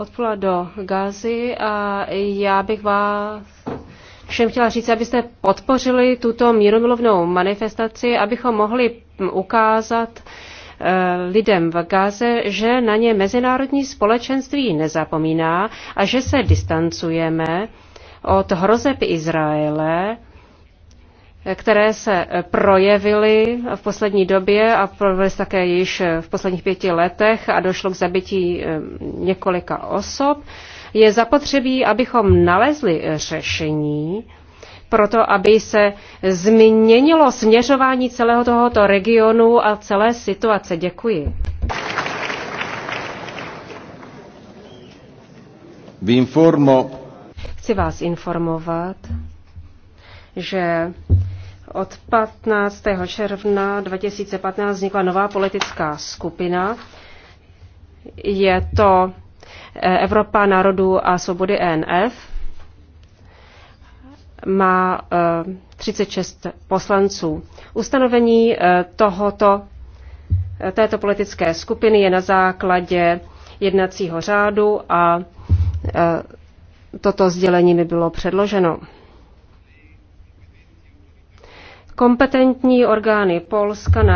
odplula do Gázy a já bych vás všem chtěla říct, abyste podpořili tuto mírumilovnou manifestaci, abychom mohli ukázat eh, lidem v Gáze, že na ně mezinárodní společenství nezapomíná a že se distancujeme od hrozeb Izraele, které se projevily v poslední době a projevily se také již v posledních pěti letech a došlo k zabití eh, několika osob, je zapotřebí, abychom nalezli řešení proto, aby se změnilo směřování celého tohoto regionu a celé situace. Děkuji. Chci vás informovat, že od 15. června 2015 vznikla nová politická skupina. Je to eh, Evropa národů a svobody ENF. Má 36 eh, poslanců. Ustanovení eh, tohoto, této politické skupiny je na základě jednacího řádu a toto sdělení mi bylo předloženo kompetentní orgány Polska na